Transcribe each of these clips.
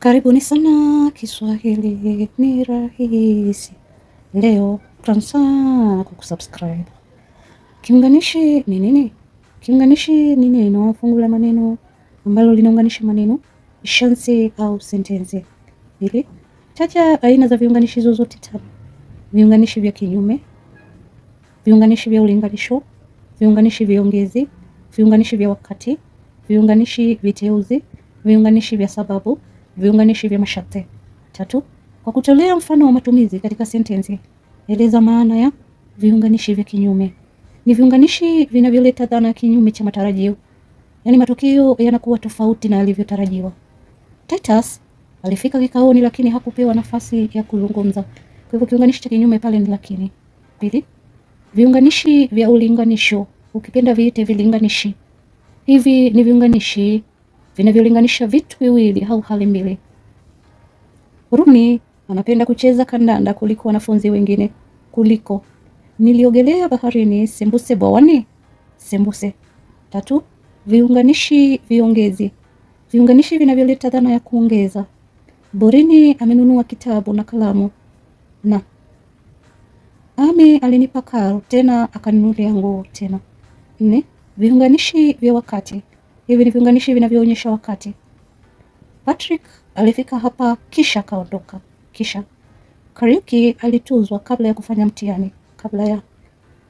Karibuni sana Kiswahili ni rahisi. Leo tutaanza sana kwa kusubscribe. Kiunganishi ni nini? Kiunganishi ni neno fungu la maneno ambalo linaunganisha maneno, ishansi au sentensi. Pili, taja aina za viunganishi zozote tano: viunganishi vya kinyume, viunganishi vya ulinganisho, viunganishi vya ongezi, viunganishi vya wakati, viunganishi viteuzi, viunganishi vya sababu Viunganishi vya masharti. Tatu, kwa kutolea mfano wa matumizi katika sentensi, eleza maana ya viunganishi vya kinyume. Ni viunganishi vinavyoleta dhana ya kinyume cha matarajio, yaani matukio yanakuwa tofauti na yalivyotarajiwa. Titus alifika kikaoni lakini hakupewa nafasi ya kuzungumza. Kwa hivyo kiunganishi cha kinyume pale ni lakini. Pili, viunganishi vya ulinganisho, ukipenda viite vilinganishi. Hivi ni viunganishi vinavyolinganisha vitu viwili au hali mbili. Rumi anapenda kucheza kandanda kuliko wanafunzi wengine. Kuliko niliogelea baharini, sembuse bwawani, sembuse. Tatu, viunganishi viongezi. Viunganishi vinavyoleta dhana ya kuongeza. Borini amenunua kitabu na kalamu. Na Ame alinipa karo tena akaninulia nguo tena. Nne, viunganishi vya wakati. Hivi ni viunganishi vinavyoonyesha wakati. Patrick alifika hapa kisha akaondoka. Kisha Kariuki alituzwa kabla ya kufanya mtihani. Kabla ya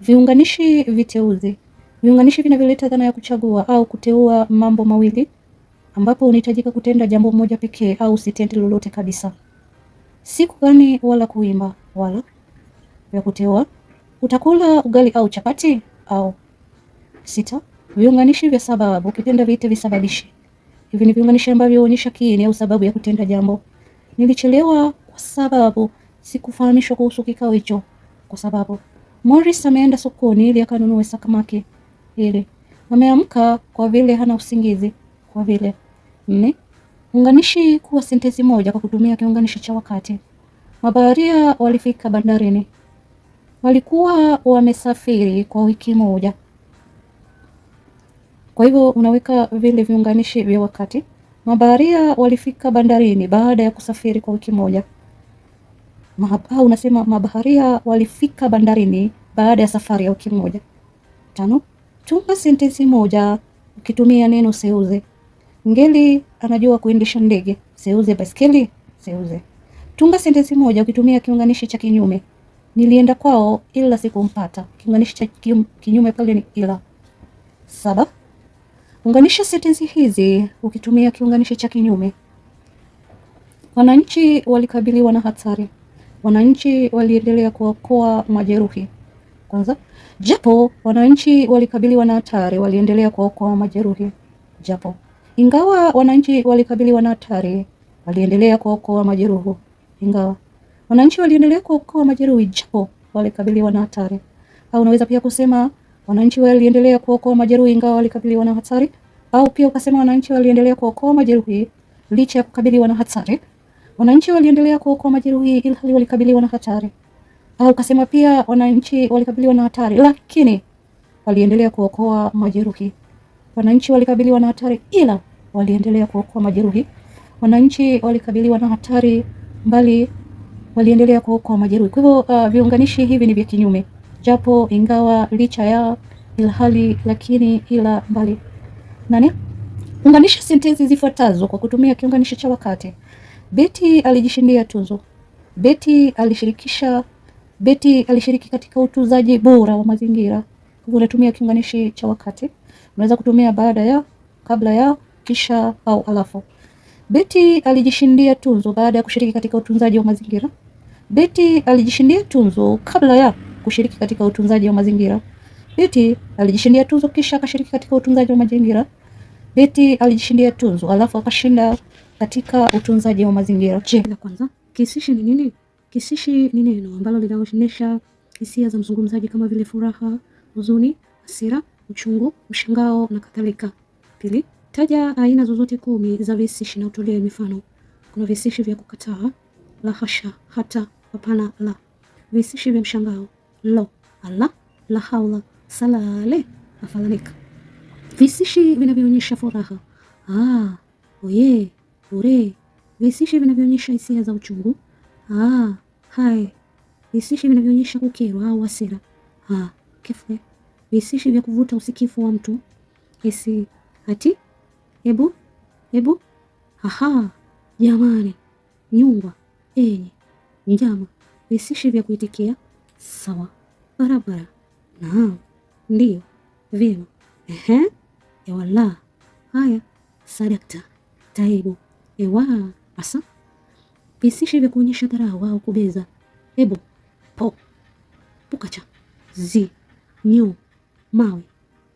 viunganishi viteuzi, viunganishi vinavyoleta dhana ya kuchagua au kuteua mambo mawili ambapo unahitajika kutenda jambo moja pekee au usitende lolote kabisa. Siku gani wala kuimba wala vya kuteua, utakula ugali au chapati au sita Viunganishi vya sababu. Ukipenda viite visababishi. Hivi ni viunganishi ambavyo huonyesha kiini au sababu ya kutenda jambo. Nilichelewa kwa sababu sikufahamishwa kuhusu kikao hicho. Kwa sababu Morris ameenda sokoni ili akanunue sakamake ile. Ameamka kwa vile hana usingizi kwa vile. ni Unganishi kuwa sentensi moja kwa kutumia kiunganishi cha wakati. Mabaharia walifika bandarini. Walikuwa wamesafiri kwa wiki moja. Kwa hivyo unaweka vile viunganishi vya wakati. Mabaharia walifika bandarini baada ya kusafiri kwa wiki moja. Au unasema mabaharia walifika bandarini baada ya safari ya wiki moja. Tano, tunga sentensi moja ukitumia neno seuze. Ngeli anajua kuendesha ndege. Seuze baiskeli, seuze. Tunga sentensi moja ukitumia kiunganishi cha kinyume. Nilienda kwao ila sikumpata. Kiunganishi cha kinyume pale ni ila. Saba, Unganisha sentensi hizi ukitumia kiunganishi cha kinyume. Wananchi walikabiliwa na hatari. Wananchi waliendelea kuokoa majeruhi. Kwanza, japo wananchi walikabiliwa na hatari, waliendelea kuokoa majeruhi. Japo, ingawa wananchi walikabiliwa na hatari, waliendelea kuokoa majeruhi. Ingawa wananchi waliendelea kuokoa majeruhi japo walikabiliwa na hatari, au unaweza pia kusema Wananchi waliendelea kuokoa majeruhi ingawa walikabiliwa na hatari, au pia ukasema wananchi waliendelea kuokoa majeruhi licha ya kukabiliwa na hatari. Wananchi waliendelea kuokoa majeruhi ilhali walikabiliwa na hatari, au ukasema pia wananchi walikabiliwa na hatari lakini waliendelea kuokoa majeruhi. Wananchi walikabiliwa na hatari ila waliendelea kuokoa majeruhi. Wananchi walikabiliwa na hatari mbali waliendelea kuokoa majeruhi. Kwa hivyo uh, viunganishi hivi ni vya kinyume japo, ingawa, licha ya, ilhali, lakini, ila, mbali. Nani? Unganisha sentensi zifuatazo kwa kutumia kiunganishi cha wakati. Beti alijishindia tuzo. Beti alishirikisha. Beti alishiriki katika utunzaji bora wa mazingira. Hivyo unatumia kiunganishi cha wakati. Unaweza kutumia baada ya, kabla ya, kisha au alafu. Beti alijishindia tuzo baada ya kushiriki katika utunzaji wa mazingira. Beti alijishindia tuzo kabla ya kushiriki katika utunzaji wa mazingira. Beti alijishindia tuzo kisha akashiriki katika utunzaji wa mazingira. Beti alijishindia tuzo alafu akashinda katika utunzaji wa mazingira. Je, la kwanza, kihisishi ni nini? Kihisishi ni neno ambalo linaonyesha hisia za mzungumzaji kama vile furaha, huzuni, hasira, uchungu, mshangao na kadhalika. Pili, taja aina zozote kumi za vihisishi na utolee mifano. Kuna vihisishi vya kukataa, la hasha, hata, hapana, la. Vihisishi vya mshangao lo Allah la haula salale, afadhalika. Visishi vinavyoonyesha furaha ah, oye ure. Visishi vinavyoonyesha hisia za uchungu ah, hai. Visishi vinavyoonyesha kukerwa au hasira ah, kefe. Visishi vya kuvuta usikifu wa mtu esi ati ebu ebu aha jamani nyumba enye njama. Visishi vya kuitikia sawa, barabara, naam, ndiyo, vyema, ehe, ewala, haya, sadakta, taibu, ewa, asa, visishi vya kuonyesha dharau au kubeza, ebo, po, pukacha, zi, nyu, mawe,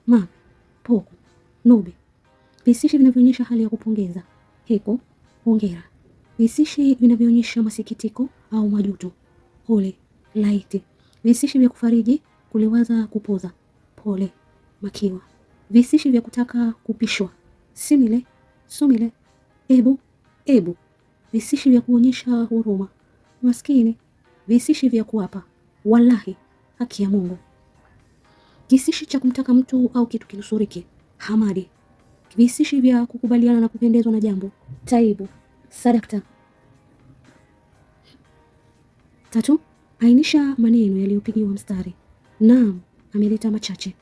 ma poko, nube visishi vinavyoonyesha hali ya kupongeza, heko, hongera, visishi vinavyoonyesha masikitiko au majuto, hole, laiti Visishi vya kufariji kuliwaza kupoza pole makiwa visishi vya kutaka kupishwa simile sumile ebu ebu visishi vya kuonyesha huruma maskini visishi vya kuapa wallahi haki ya Mungu kisishi cha kumtaka mtu au kitu kinusurike hamadi visishi vya kukubaliana na kupendezwa na jambo taibu sadakta tatu Ainisha maneno yaliyopigiwa mstari. Naam ameleta machache.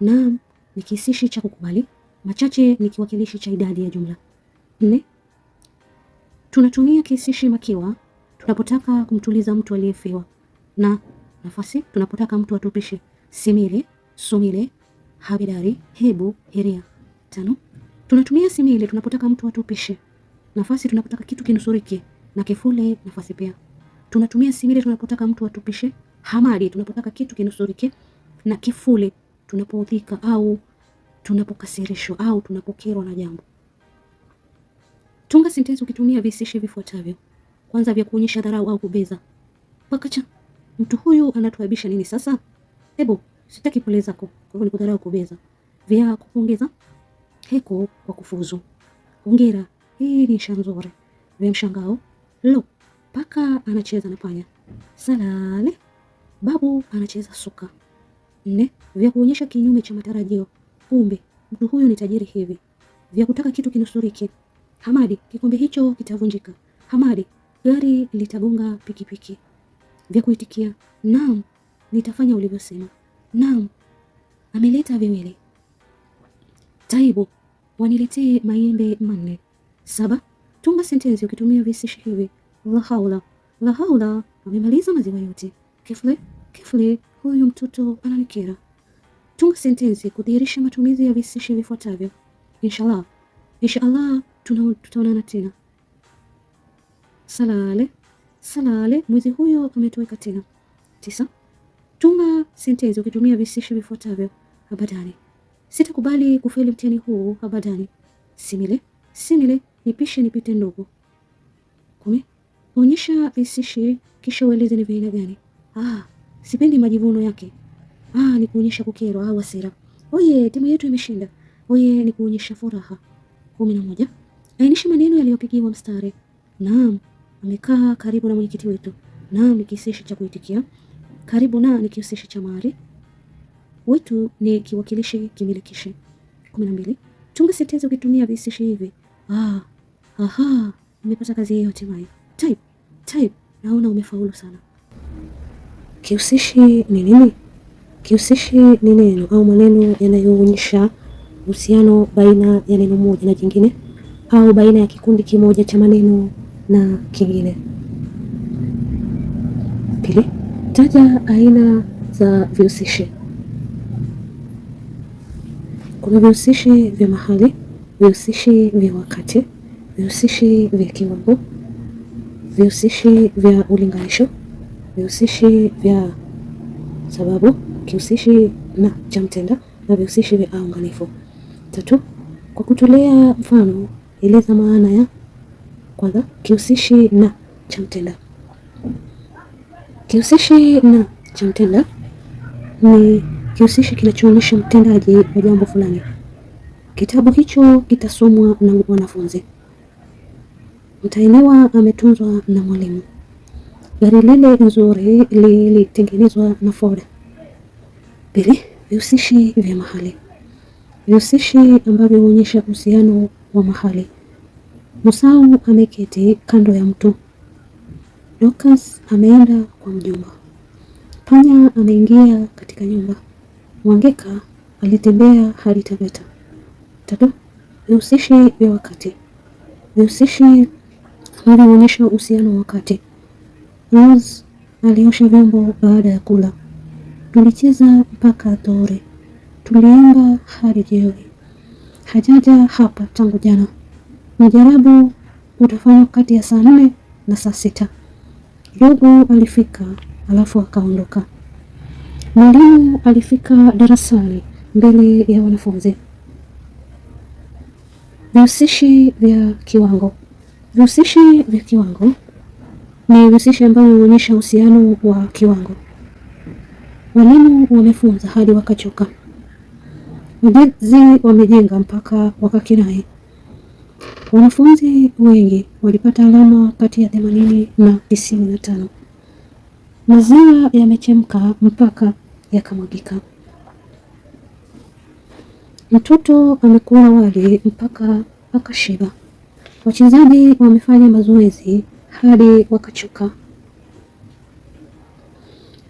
Naam ni kihisishi cha kukubali, machache ni kiwakilishi cha idadi ya jumla. Nne, tunatumia kihisishi makiwa tunapotaka kumtuliza mtu aliyefiwa, na nafasi tunapotaka mtu atupishe simile, sumile, habidari, hebu, heria. Tano, tunatumia simile tunapotaka mtu atupishe, nafasi tunapotaka kitu kinusurike, na kifule nafasi pia. Tunatumia simile tunapotaka mtu atupishe, hamali tunapotaka kitu kinusurike, na kifule tunapoudhika au tunapokasirishwa au tunapokerwa na jambo. Tunga sentensi ukitumia visishi vifuatavyo. Kwanza, vya kuonyesha dharau au kubeza. Pakacha, mtu huyu anatuaibisha nini sasa? Hebu sitaki pole zako, kwa hivyo ni kudharau, kubeza. Vya kupongeza, heko kwa kufuzu. Hongera, hii ni insha nzuri. Vya mshangao, lo Paka anacheza na panya. Salale. Babu anacheza suka. Nne, vya kuonyesha kinyume cha matarajio. Kumbe mtu huyu ni tajiri hivi. Vya kutaka kitu kinusurike. Hamadi, kikombe hicho kitavunjika. Hamadi, gari litagonga pikipiki. Vya kuitikia, naam, nitafanya ulivyosema. Naam, ameleta viwili. Taibu, waniletee maembe manne. Saba, tunga sentensi ukitumia visishi hivi la haula la haula, amemaliza maziwa yote. Kefle, Kefle, huyu mtoto ananikera. Tunga sentensi kudhihirisha matumizi ya visishi vifuatavyo: inshallah, inshallah, tutaonana tena. Salale, salale, mwezi huyo ametoweka tena. Tisa, tunga sentensi ukitumia visishi vifuatavyo: abadani, sitakubali kufeli mtihani huu abadani. Simile, simile, nipishe nipite ndogo. Kumi. Onyesha isishi kisha ueleze ni vile gani. Ah, sipendi majivuno yake. Ah, ni kuonyesha kukerwa au hasira. Oye, timu yetu imeshinda. Oye, ni kuonyesha furaha. kumi na moja. Ainisha maneno yaliyopigiwa mstari. Naam, amekaa karibu na mwenyekiti wetu. Naam ni kihusishi cha kuitikia. Karibu na ni kihusishi cha mahali. Wetu ni kiwakilishi kimilikishi. kumi na mbili. Tunga sentensi ukitumia vihusishi hivi. Ah, aha, nimepata kazi hii hatimaye. Type, type. Naona umefaulu sana. Kihusishi ni nini? Kihusishi ni neno au maneno yanayoonyesha uhusiano baina ya neno moja na jingine au baina ya kikundi kimoja cha maneno na kingine. Pili, taja aina za vihusishi. Kuna vihusishi vya mahali, vihusishi vya wakati, vihusishi vya kiwango Vihusishi vya ulinganisho, vihusishi vya sababu, kihusishi na cha mtenda na vihusishi vya aunganifu. Tatu, kwa kutolea mfano, eleza maana ya kwanza, kihusishi na cha mtenda. Kihusishi na cha mtenda ni kihusishi kinachoonyesha mtendaji wa jambo fulani. Kitabu hicho kitasomwa na wanafunzi. Mtahiniwa ametunzwa na mwalimu. Gari lile nzuri lilitengenezwa na Ford. Pili, vihusishi vya mahali. Vihusishi ambavyo huonyesha uhusiano wa mahali. Musau ameketi kando ya mtu Dokas ameenda kwa mjomba. Panya ameingia katika nyumba. Mwangeka alitembea hadi Tabeta. Tatu, vihusishi vya wakati. Vihusishi alionyesha uhusiano wakati. Rose aliosha vyombo baada ya kula. Tulicheza mpaka adhuhuri, tuliimba hadi jioni. Hajaja hapa tangu jana. Mjarabu utafanywa kati ya saa nne na saa sita. Jogo alifika alafu akaondoka. Mwalimu alifika darasani mbele ya wanafunzi. Vihusishi vya kiwango Vihusishi vya kiwango ni vihusishi ambavyo huonyesha uhusiano wa kiwango. Walimu wamefunza hadi wakachoka, ujenzi wamejenga mpaka wakakinai Wanafunzi wengi walipata alama kati ya themanini na tisini na tano. Maziwa yamechemka mpaka yakamwagika. Mtoto amekula wali mpaka akashiba. Wachezaji wamefanya mazoezi hadi wakachoka.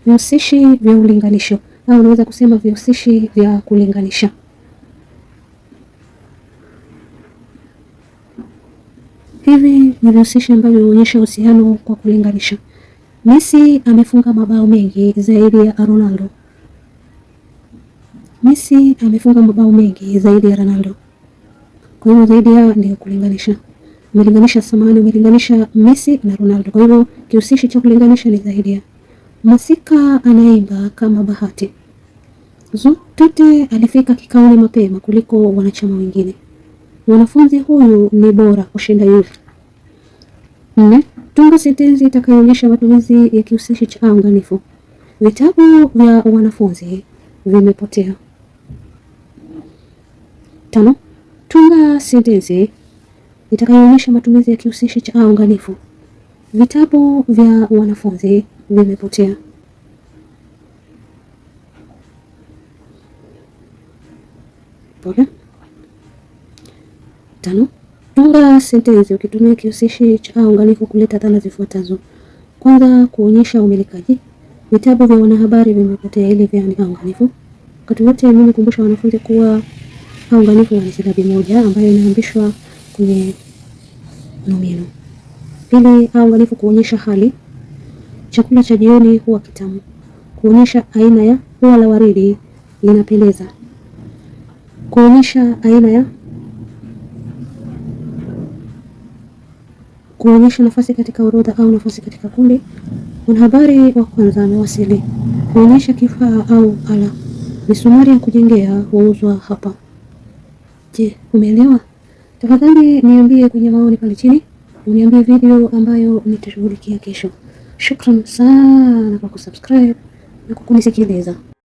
Vihusishi vya ulinganisho au unaweza kusema vihusishi vya kulinganisha. Hivi ni vihusishi ambavyo huonyesha uhusiano kwa kulinganisha. Messi amefunga mabao mengi zaidi ya Ronaldo. Messi amefunga mabao mengi zaidi ya Ronaldo. Kwa hiyo zaidi ya ndio kulinganisha umelinganisha samani, umelinganisha Messi na Ronaldo. Kwa hivyo kihusishi cha kulinganisha ni zaidi ya masika anaimba kama bahati. zote. alifika kikaoni mapema kuliko wanachama wengine. Mwanafunzi huyu ni bora kushinda yule. Nne, tunga sentensi itakayoonyesha matumizi ya kihusishi cha anganifu Vitabu vya wanafunzi vimepotea. Tano, tunga sentensi itakayoonyesha matumizi ya kihusishi cha aunganifu. Vitabu vya wanafunzi vimepotea. Pole. tano, tunga sentensi ukitumia kihusishi cha aunganifu kuleta dhana zifuatazo. Kwanza, kuonyesha umilikaji. Vitabu vya wanahabari vimepotea, ili vya ni aunganifu. Wakati wote mimi kumbusha wanafunzi kuwa aunganifu wa silabi moja ambayo inaambishwa kwenye nomino. Pili, angalifu kuonyesha hali. Chakula cha jioni huwa kitamu. Kuonyesha aina ya ua la waridi linapendeza. Kuonyesha aina ya kuonyesha nafasi katika orodha au nafasi katika kundi. Mwanahabari wa kwanza amewasili. Kuonyesha kifaa au ala. Misumari ya kujengea huuzwa hapa. Je, umeelewa? Tafadhali niambie kwenye maoni pale chini, uniambie video ambayo nitashughulikia kesho. Shukran sana kwa kusubscribe na kukunisikiliza.